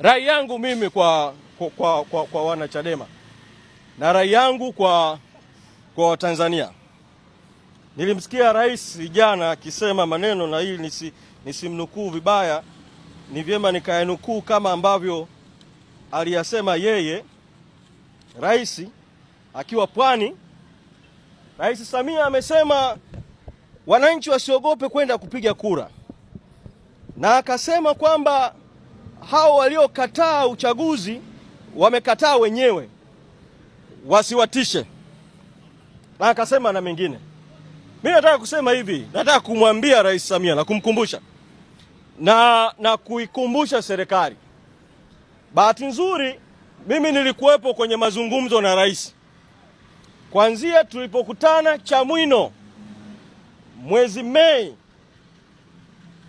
Rai yangu mimi kwa, kwa, kwa, kwa, kwa wanachadema na rai yangu kwa kwa Watanzania, nilimsikia rais jana akisema maneno na hili nisi, nisimnukuu vibaya, ni vyema nikayanukuu kama ambavyo aliyasema yeye rais akiwa Pwani. Rais Samia amesema wananchi wasiogope kwenda kupiga kura, na akasema kwamba hao waliokataa uchaguzi wamekataa wenyewe, wasiwatishe. Na akasema na mengine. Mimi nataka kusema hivi, nataka kumwambia Rais Samia na kumkumbusha na, na kuikumbusha serikali. Bahati nzuri mimi nilikuwepo kwenye mazungumzo na rais kwanzia tulipokutana Chamwino mwezi Mei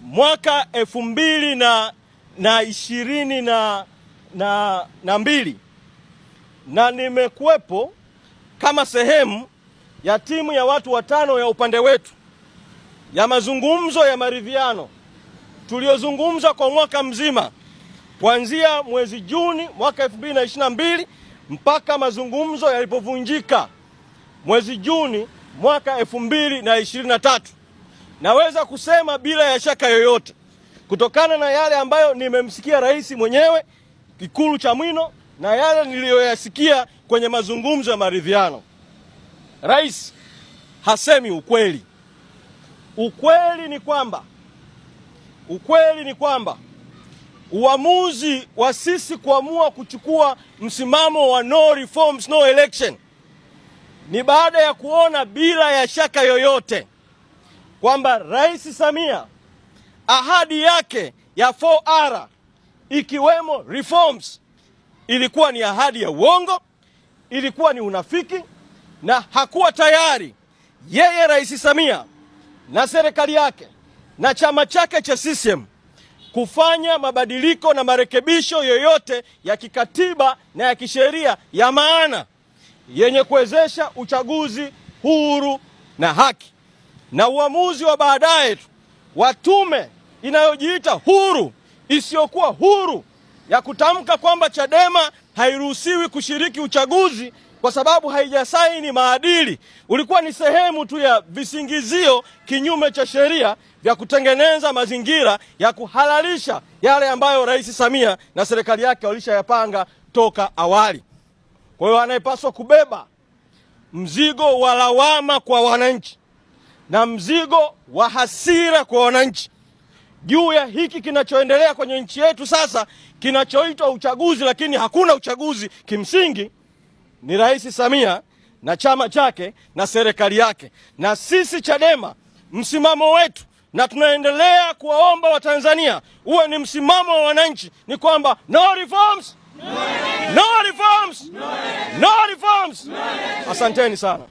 mwaka elfu mbili na na ishirini na, na, na mbili na nimekuwepo kama sehemu ya timu ya watu watano ya upande wetu ya mazungumzo ya maridhiano tuliyozungumza kwa mwaka mzima kuanzia mwezi Juni mwaka 2022 mpaka mazungumzo yalipovunjika mwezi Juni mwaka 2023. Naweza kusema bila ya shaka yoyote kutokana na yale ambayo nimemsikia rais mwenyewe Ikulu Chamwino na yale niliyoyasikia kwenye mazungumzo ya maridhiano. Rais hasemi ukweli. Ukweli ni kwamba ukweli ni kwamba uamuzi wa sisi kuamua kuchukua msimamo wa no reforms no election ni baada ya kuona bila ya shaka yoyote kwamba Rais Samia ahadi yake ya 4R ikiwemo reforms ilikuwa ni ahadi ya uongo, ilikuwa ni unafiki na hakuwa tayari yeye Rais Samia na serikali yake na chama chake cha CCM kufanya mabadiliko na marekebisho yoyote ya kikatiba na ya kisheria ya maana yenye kuwezesha uchaguzi huru na haki. Na uamuzi wa baadaye tu wa tume inayojiita huru isiyokuwa huru ya kutamka kwamba Chadema hairuhusiwi kushiriki uchaguzi kwa sababu haijasaini maadili, ulikuwa ni sehemu tu ya visingizio kinyume cha sheria vya kutengeneza mazingira ya kuhalalisha yale ambayo Rais Samia na serikali yake walishayapanga toka awali. Kwa hiyo anayepaswa kubeba mzigo wa lawama kwa wananchi na mzigo wa hasira kwa wananchi juu ya hiki kinachoendelea kwenye nchi yetu sasa kinachoitwa uchaguzi, lakini hakuna uchaguzi kimsingi, ni Rais Samia na chama chake na serikali yake. Na sisi Chadema msimamo wetu na tunaendelea kuwaomba Watanzania uwe ni msimamo wa wananchi, ni kwamba no reforms, no reforms, no reforms. Asanteni sana.